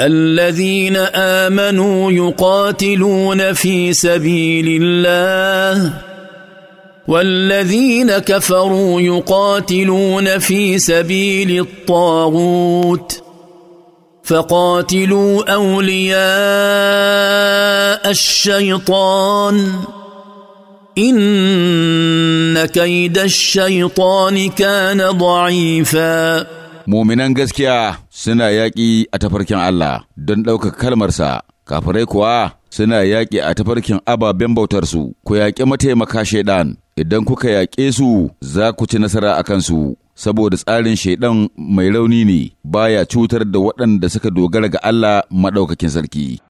الذين امنوا يقاتلون في سبيل الله والذين كفروا يقاتلون في سبيل الطاغوت فقاتلوا اولياء الشيطان ان كيد الشيطان كان ضعيفا Muminan gaskiya suna yaƙi a tafarkin Allah don ɗaukar kalmarsa, kafirai kuwa suna yaƙi a tafarkin ababen bautarsu, ku yaƙi mataimaka shaiɗan, idan kuka yaƙe su za ku ci nasara a kansu. Saboda tsarin shaiɗan mai rauni ne baya cutar da waɗanda suka dogara ga Allah maɗaukakin sarki.